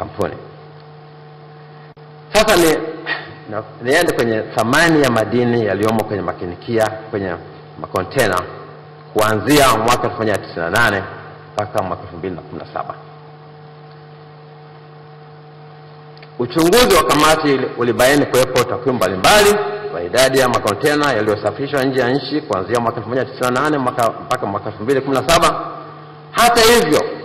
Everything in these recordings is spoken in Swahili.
kampuni. Sasa ni niende kwenye thamani ya madini yaliyomo kwenye makinikia kwenye makontena kuanzia mwaka 1998 mpaka mwaka 2017. Uchunguzi wa kamati ulibaini kuwepo takwimu mbalimbali kwa idadi ya makontena yaliyosafirishwa nje ya nchi kuanzia mwaka 1998 mpaka mwaka 2017. Hata hivyo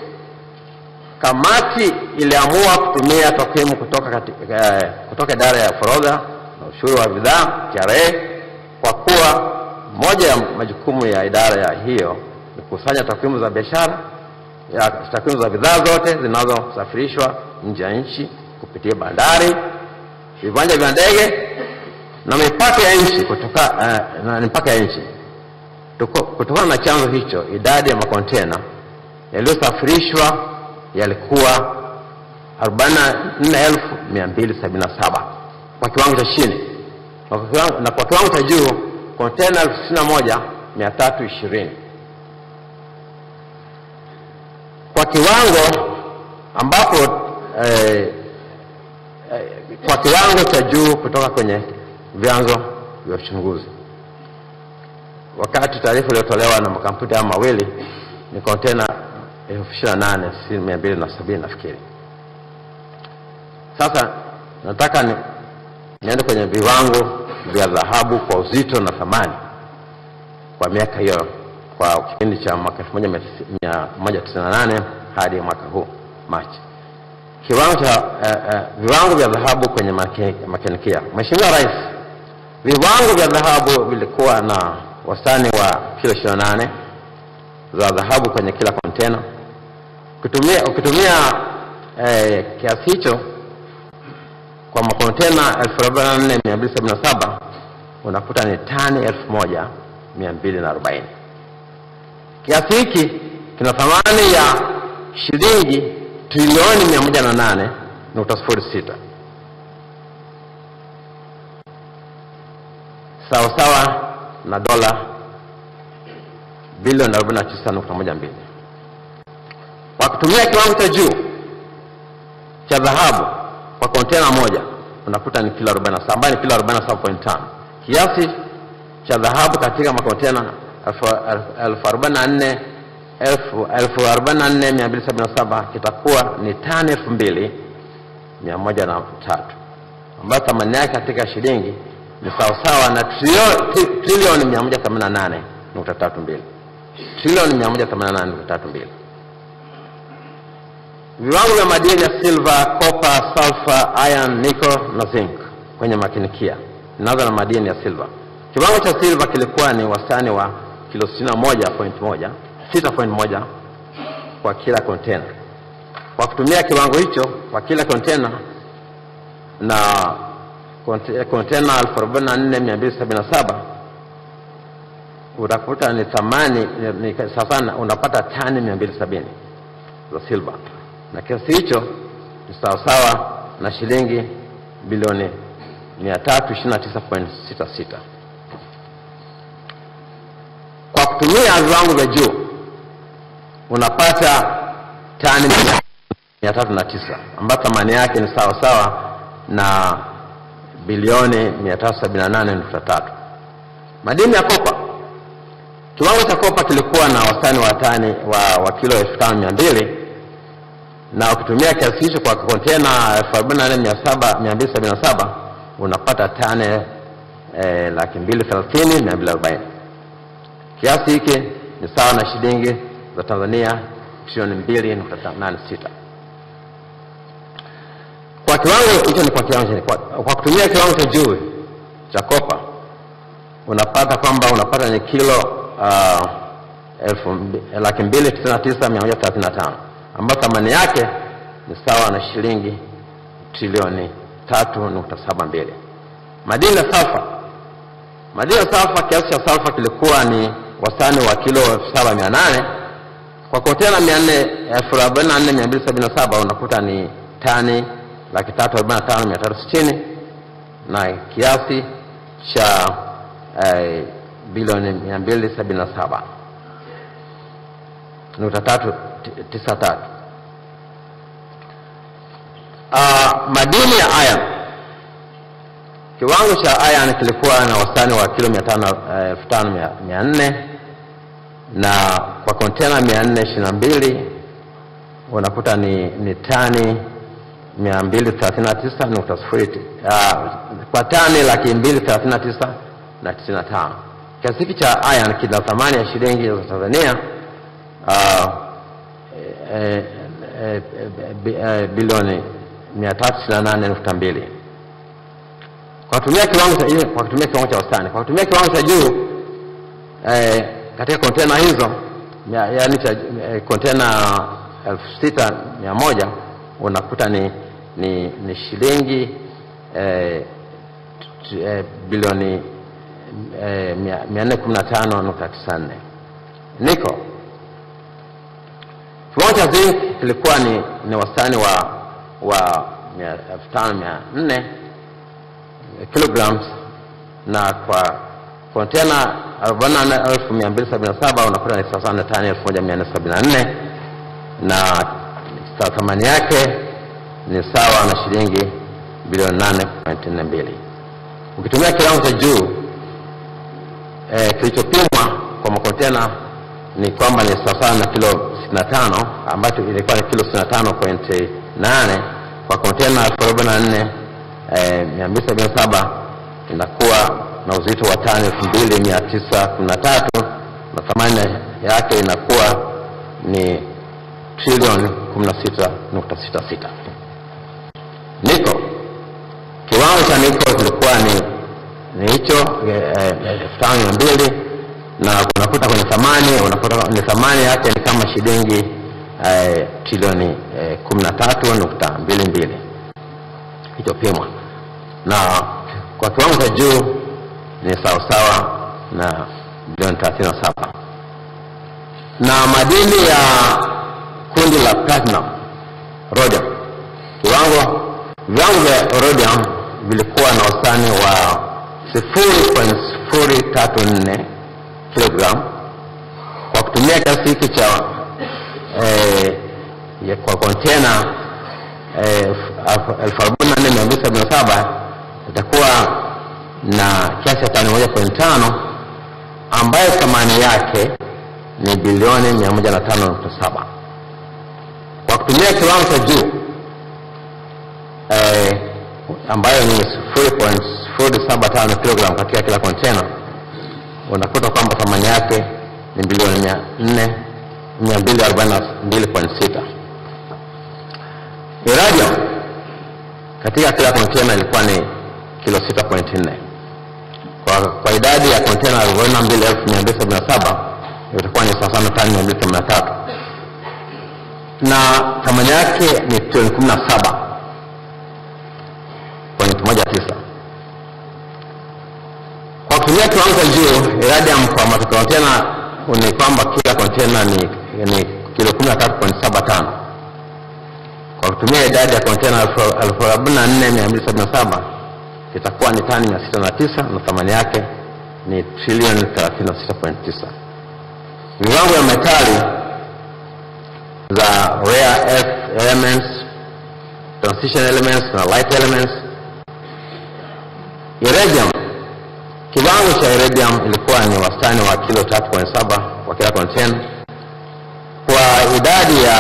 Kamati iliamua kutumia takwimu kutoka, katika, eh, kutoka idara ya forodha na ushuru wa bidhaa TRA kwa kuwa moja ya majukumu ya idara ya hiyo ni kukusanya takwimu za biashara takwimu za bidhaa zote zinazosafirishwa nje ya nchi kupitia bandari, viwanja vya ndege na mipaka ya nchi eh, na mipaka ya nchi. Kutokana na chanzo hicho, idadi ya makontena yaliyosafirishwa yalikuwa 44277 kwa kiwango cha chini na kwa kiwango cha juu kontena 61320 kwa kiwango ambapo eh, eh, kwa kiwango cha juu kutoka kwenye vyanzo vya uchunguzi. Wakati taarifa iliyotolewa na makampuni haya mawili ni kontena elfu ishirini na nane mia mbili na sabini nafikiri. Sasa nataka ni, niende kwenye viwango vya dhahabu kwa uzito na thamani kwa miaka hiyo, kwa kipindi cha mwaka 1998 hadi mwaka huu Machi. Kiwango cha uh, uh, viwango vya dhahabu kwenye makinikia. Mheshimiwa Rais, viwango vya dhahabu vilikuwa na wastani wa kilo 28 za dhahabu kwenye kila kontena Ukitumia, ukitumia eh, kiasi hicho kwa makontena l44277 unakuta ni tani 1,240. Kiasi hiki kina thamani ya shilingi trilioni 108.06 sawasawa na dola bilioni 49.12 kwa kutumia kiwango cha juu cha dhahabu kwa kontena moja unakuta ni kilo 47 ambayo ni kilo 47.5. Kiasi cha dhahabu katika makontena 44277 kitakuwa ni tani 2103 ambayo thamani yake katika shilingi ni sawasawa na trilioni 188.32 trilioni 188.32 viwango vya madini ya silver, copper, sulfur, iron, nickel na zinc kwenye makinikia. Ninaanza na madini ya silver. Kiwango cha silver kilikuwa ni wastani wa kilo 61.1 6.1 kwa kila container. Kwa kutumia kiwango hicho kwa kila container na kontena 44277 utakuta ni thamani ni, sasa unapata tani 270 za silver na kiasi hicho ni sawasawa na shilingi bilioni 329.66. Kwa kutumia viwango vya juu unapata tani 309 ambayo thamani yake ni sawasawa na bilioni 378.3. Madini ya kopa, kiwango cha kopa kilikuwa na wastani wa tani wa, wa kilo 5200 na ukitumia kiasi hicho kwa kontena 447 unapata tane e, laki mbili thelathini mia mbili arobaini. Kiasi hiki ni sawa na shilingi za Tanzania trilioni 2.86. Kwa kiwango hicho ni kwa kiwango kwa, kwa kutumia kiwango cha juu cha kopa unapata kwamba unapata ni kilo uh, laki mbili tisini na tisa mia moja thelathini na tano ambayo thamani yake ni sawa na shilingi trilioni 3.72. Madini ya salfa. Madini ya kiasi cha salfa kilikuwa ni wastani wa kilo 7800 kwa kontena 444277 unakuta ni tani laki tatu na na kiasi cha eh, bilioni 277 nukta tatu 93. Ah, madini ya iron kiwango cha iron kilikuwa na wastani wa kilo 5500 eh, na kwa kontena 422 unakuta ni, ni tani 239.0 ah, kwa tani laki 239 na Kiasi hiki cha iron kina thamani ya shilingi za Tanzania uh, E, e, e, bilioni mbili kwa kutumia kiwango cha kwa kutumia kiwango cha wastani, kwa kutumia kiwango cha juu eh, katika kontena hizo yaani cha kontena moja unakuta ni, ni, ni shilingi eh, eh, bilioni eh, nne niko Floater zinc kilikuwa ni, ni wastani wa wa 5400 kilograms na kwa kontena 44277 unakuta ni sawa na tani 1474 na thamani yake ni sawa na shilingi bilioni 8.42. Ukitumia kiwango cha juu eh, kilichopimwa kwa makontena ni kwamba ni sawa na kilo 65 ambacho ilikuwa ni kilo 65.8 kwa kontena 44 277 inakuwa na uzito wa tani 2913 na thamani yake inakuwa ni trilioni 16.66. Niko kiwango cha niko kilikuwa ni ni hicho eh, eh, na kuna thamani ni thamani yake ni kama shilingi eh, trilioni eh, 13.22 iliyopimwa na kwa kiwango cha juu ni sawasawa na bilioni 37 na madini ya kundi la platinum rhodium kiwango viwango vya rhodium vilikuwa na ustani wa 0.034 kilogramu kutumia kiasi hiki cha eh, kwa kontena eh, elfu arobaini na nne mia mbili sabini na saba itakuwa na kiasi cha tani moja point tano ambayo thamani yake ni bilioni mia moja na tano nukta saba kwa kutumia kiwango cha juu eh, ambayo ni tano kilogramu katika kila kontena unakuta kwamba thamani yake ni bilioni mia nne mia mbili arobaini na mbili point sita. Uranium katika kila kontena ilikuwa ni kilo sita nne kwa, kwa idadi ya kontena arobaini na na mbili mbili elfu mia sabini saba itakuwa ni sawasawa tani 283 na tatu na thamani yake ni trilioni kumi na 17 point tisa kwa kutumia kiwango juu uranium kwa matokeo tena ni kwamba kila kontena ni, ni kilo 13.75 kwa kutumia idadi ya kontena 44277 itakuwa ni tani 609 na thamani yake ni trillion 36.9. Viwango ya metali za rare earth elements, transition elements na light elements, iridium ya iridium ilikuwa ni wastani wa kilo 3.7 kwa kila kontena. Kwa idadi ya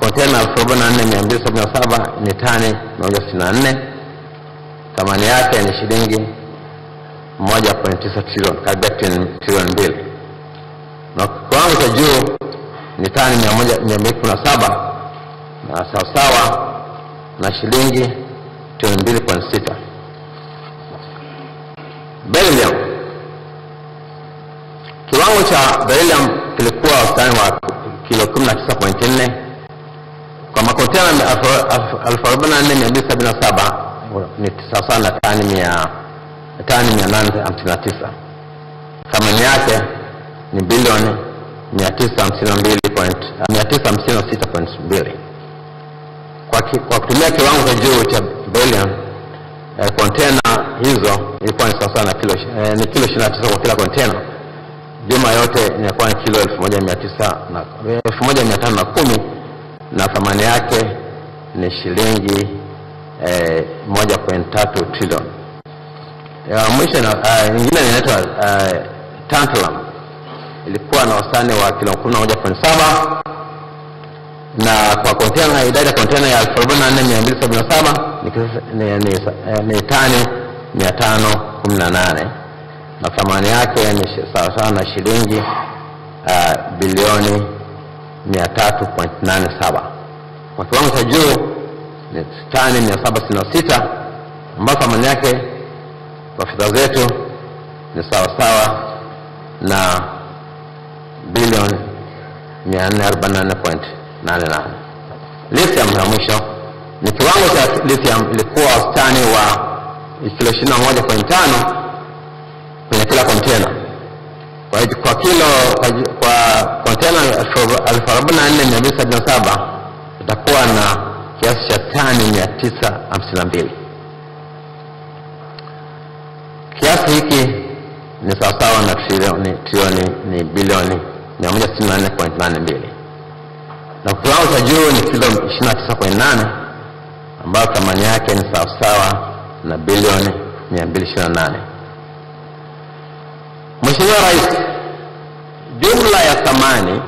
kontena 44277 ni tani 164, thamani yake ni shilingi 1.9 trilioni, karibia trilioni mbili, na kiwango cha juu ni tani 217 na sawasawa na shilingi trilioni 2.6. Beryllium kiwango cha beryllium kilikuwa wastani wa kilo 19.4 kwa makontena 44277 ni sawasawa na tani mia tani mia nane hamsini na tisa thamani yake ni bilioni mia tisa hamsini na mbili point mia tisa hamsini na sita point mbili kwa, ki, kwa kutumia kiwango cha juu cha bilioni eh, kontena hizo ilikuwa ni sawasawa na kilo, eh, ni kilo ishirini na tisa kwa kila kontena jumla yote imekuwa kilo 1510 na thamani yake ni shilingi eh, 1.3 trillion. Ya mwisho uh, ah, ingine inaitwa uh, tantalum ilikuwa na wastani wa kilo 11.7 na kwa kontena, idadi ya kontena ya 44277 ni, ni, ni, ni tani 518 na thamani yake ni sawasawa na shilingi uh, bilioni 387 kwa kiwango cha juu ni tani 766 ambayo thamani yake kwa fedha zetu ni sawasawa na bilioni 448.88 Lithium ya mwisho ni kiwango cha lithium ilikuwa wastani wa kilo 21.5 kwenye kila kontena. Kwa hiyo kwa kilo kwa kontena elfu arobaini na nne mia mbili sabini na saba na kiasi cha tani mia tisa hamsini na mbili. Kiasi hiki ni sawasawa na trilioni trilioni ni bilioni 164.82 na kiwango cha juu ni kilo 29.8 ambayo thamani yake ni sawasawa na bilioni 228. Mheshimiwa Rais, jumla ya thamani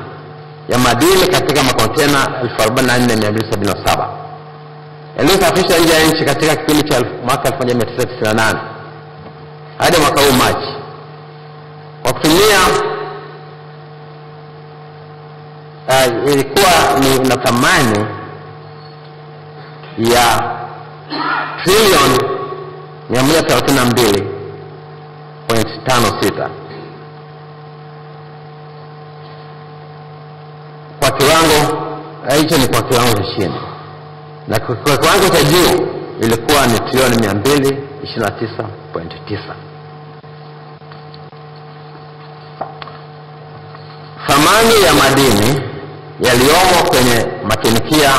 ya madini katika makontena 44277 yaliyosafirishwa nje ya nchi katika kipindi cha mwaka 1998 hadi mwaka huu Machi kwa kutumia uh, ilikuwa ni na thamani ya trilioni 132.5 kuongezeka kwa kiwango hicho, ni kwa kiwango cha chini, na kwa kiwango cha juu ilikuwa ni trilioni 229.9. Thamani ya madini yaliyomo kwenye makinikia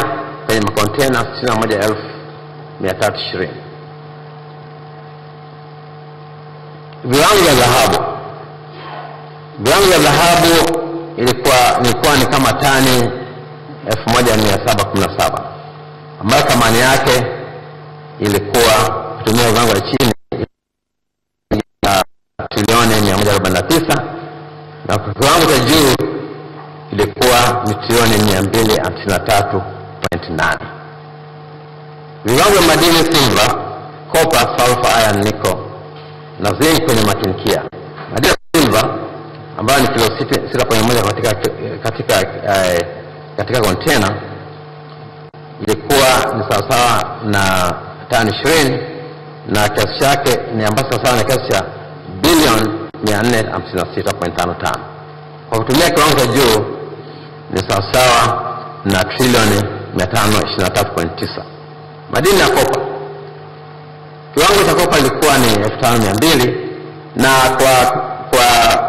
kwenye makontena 61320 viwango vya sababu ilikuwa ni kwani kama tani 1717 ambayo thamani yake ilikuwa kutumia viwango ya chini ya trilioni 149 na kwa kiwango cha juu ilikuwa ni trilioni 253.8. Viwango vya madini silver, copper, sulfur, iron, nickel na zinc kwenye makinikia. Madini silver ambayo ni kilo 6.1 katika, katika, uh, katika kontena ilikuwa ni sawasawa na tani 20 na kiasi chake ni ambacho sawasawa na kiasi cha bilioni 456.55. Kwa kutumia kiwango cha juu ni sawa sawa na trilioni 523.9. Madini ya kopa, kiwango cha kopa ilikuwa ni 5200 na kwa, kwa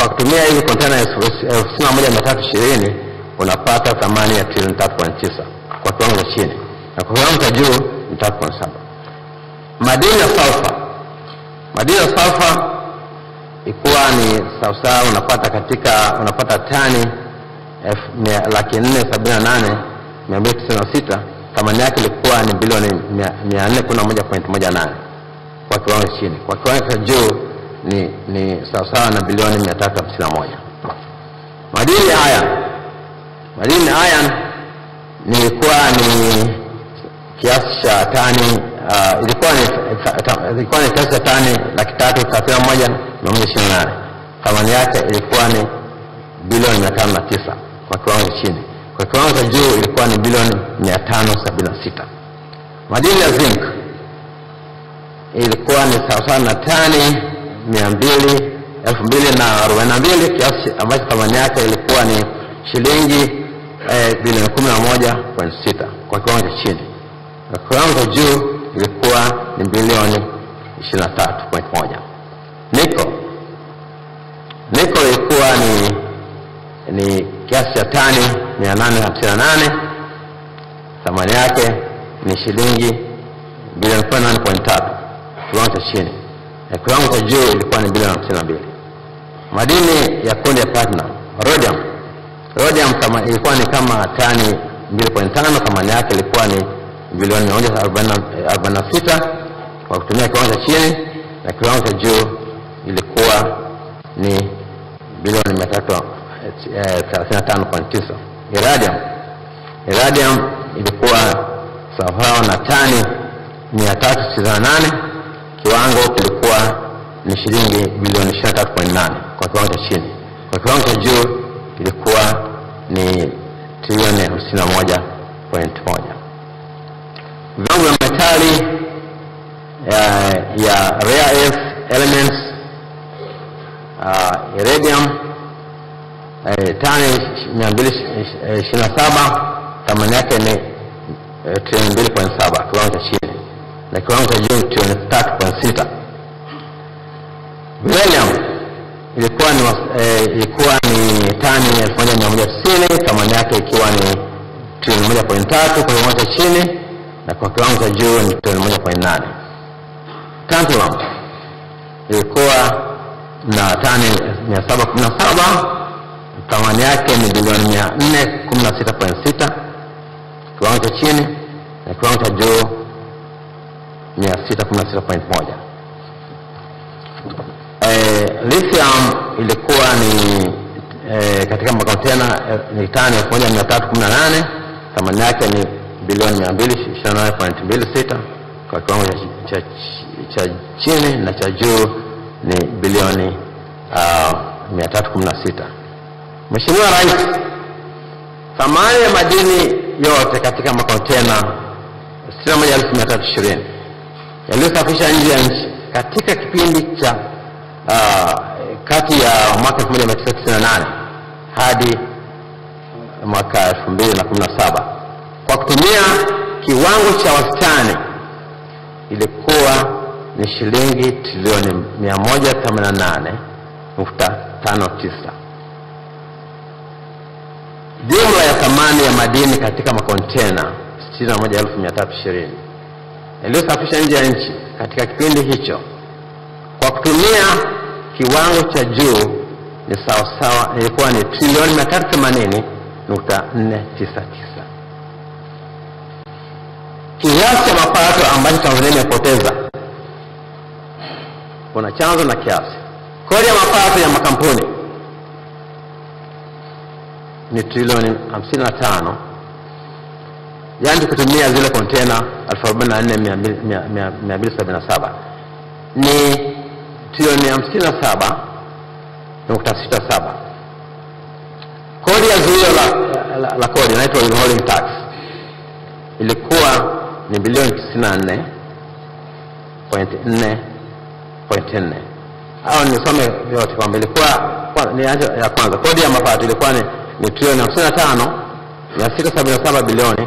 kwa kutumia hizi kontena elfu sitini na moja mia tatu ishirini unapata thamani ya trilioni tatu point tisa kwa kiwango cha chini na kwa kiwango cha juu ni tatu point saba madini ya salfa madini ya salfa ikuwa ni sawasawa unapata katika unapata tani laki nne sabini na nane mia mbili tisini na sita thamani yake ilikuwa ni bilioni mia nne kumi na moja point moja nane kwa kiwango cha chini kwa kiwango cha juu ni ni sawasawa na bilioni 351. Madini haya madini haya nilikuwa ni kiasi cha tani uh, ilikuwa ni ilikuwa ni kiasi cha tani laki tatu thelathini na moja mia moja ishirini na nane. Thamani yake ilikuwa ni bilioni mia tano na tisa kwa kiwango cha chini. Kwa kiwango cha juu ilikuwa ni bilioni mia tano sabini na sita. Madini ya zinc ilikuwa ni sawasawa na tani 242 kiasi ambacho thamani yake ilikuwa ni shilingi eh, bilioni 11.6 kwa kiwango cha chini na kiwango cha juu ilikuwa ni bilioni 23.1. niko niko ilikuwa ni ni kiasi cha tani 858 thamani yake ni shilingi bilioni kumi na kiwango cha chini kiwango cha juu ilikuwa ni bilioni 52. Madini ya kundi ya platinum, rhodium, rhodium kama ilikuwa ni kama tani 2.5, thamani yake ilikuwa ni bilioni 146 kwa kutumia kiwango cha chini, na kiwango cha juu ilikuwa ni bilioni 335.9. Iradium, iradium ilikuwa sawa na tani 398 kiwango kilikuwa ni shilingi bilioni 23.8 kwa kiwango cha chini. Kwa kiwango cha juu kilikuwa ni trilioni 51.1. Viwango vya metali ya, eh, ya rare earth elements uh, iridium eh, tani 227 thamani yake ni eh, trilioni 2.7 kiwango cha chini na kiwango cha juu trilioni 3.6. Uranium ilikuwa ni, eh, ilikuwa ni tani 1190 thamani yake ikiwa ni trilioni 1.3 kwa kiwango cha chini na kwa kiwango cha juu ni trilioni 1.8. Tantalum ilikuwa na tani 717 thamani yake ni bilioni 416 kiwango cha chini na kiwango cha juu 616.1. eh, lithium ilikuwa ni e, katika makontena eh, ni tani 1318 thamani yake ni bilioni 228.26 kwa kiwango cha, cha, cha chini na cha juu ni bilioni uh, ah, 316. Mheshimiwa Rais, thamani ya madini yote katika makontena 61320 yaliyosafisha nje ya nchi katika kipindi cha uh, kati ya mwaka 1998 hadi mwaka 2017 kwa kutumia kiwango cha wastani ilikuwa ni shilingi trilioni 188.59. Jumla ya thamani ya madini katika makontena 61320 yaliyosafisha nje ya nchi katika kipindi hicho kwa kutumia kiwango cha juu ni sawasawa, ilikuwa ni trilioni mia tatu themanini nukta nne tisa tisa. Kiasi cha mapato ambacho Tanzania imepoteza kuna chanzo na kiasi. Kodi ya mapato ya makampuni ni trilioni 55 yaani tukitumia zile kontena 44277 ni trilioni 57.67. Kodi ya zuio la, la, la kodi inaitwa withholding tax ilikuwa ni bilioni 94.4 au nisome vyote kwamba ilikuwa kwa, ni ya kwanza kodi ya mapato ilikuwa ni, ni trilioni 55 677 bilioni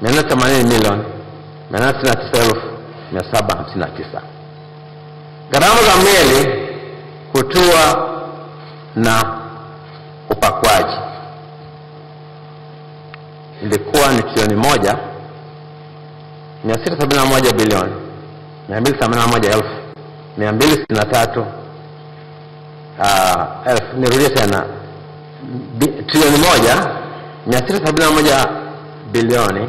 480 milioni 89759. Gharama za meli kutua na upakwaji ilikuwa ni trilioni moja 671 bilioni 281 elfu 263 uh, ah, elfu. Nirudie tena trilioni moja 671 bilioni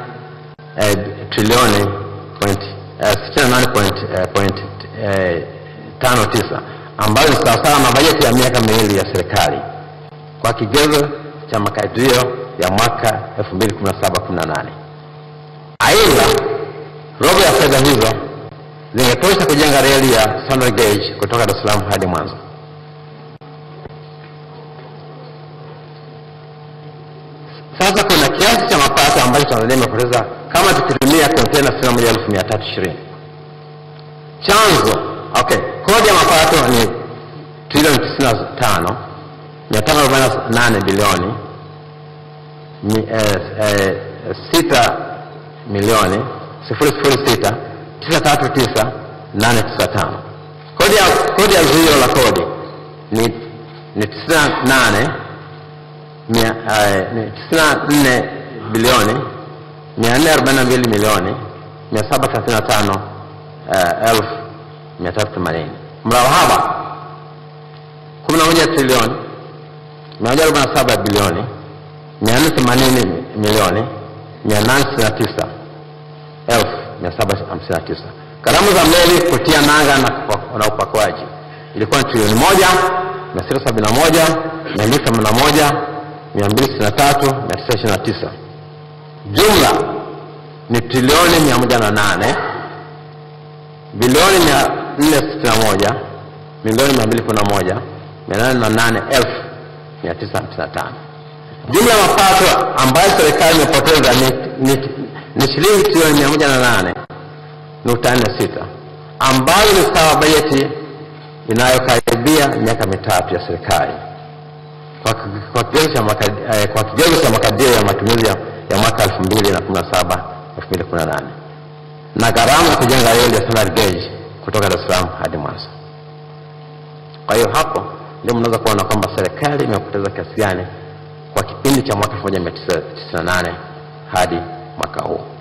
Eh, trilioni point eh, eh, tano tisa ambayo ni sawasawa na bajeti ya miaka miwili ya serikali kwa kigezo cha makadirio ya mwaka 2017/18. Aidha, robo ya fedha hizo zingetosha kujenga reli ya Standard Gauge kutoka Dar es Salaam hadi Mwanza. Sasa kuna kiasi cha mapato ambacho Tanzania imepoteza kama tukitumia kontena sehemu moja elfu mia tatu ishirini chanzo okay kodi ya mapato ni trilioni tisini na tano mia tano arobaini na nane bilioni eh, eh, sita milioni sifuri sifuri sita tisa tatu tisa nane tisa tano kodi ya kodi ya zuio la kodi ni ni tisini nane eh, tisini nne bilioni 442 milioni 735,380 eh, mrao 380 11 trilioni 147 bilioni 480 milioni 869 elfu karamu za meli kutia nanga na upakuaji ilikuwa trilioni 1 na sita sabini na moja mia mbili themanini na moja mia mbili sitini na tatu mia tisa ishirini na tisa jumla ni trilioni nane bilioni mia moja milioni na tano Jumla ya mapato ambayo serikali imepoteza ni, ni, ni shilingi trilioni sita ambayo ni sawa bajeti inayokaribia miaka mitatu ya serikali kwa eh, kigezo cha makadirio ya matumizi ya ya mwaka 2017 2018 na gharama ya kujenga reli ya standard gauge kutoka Dar es Salaam hadi Mwanza. Kwa hiyo hapo ndio mnaweza kuona kwamba serikali imepoteza kiasi gani kwa kipindi cha mwaka 1998 hadi mwaka huu.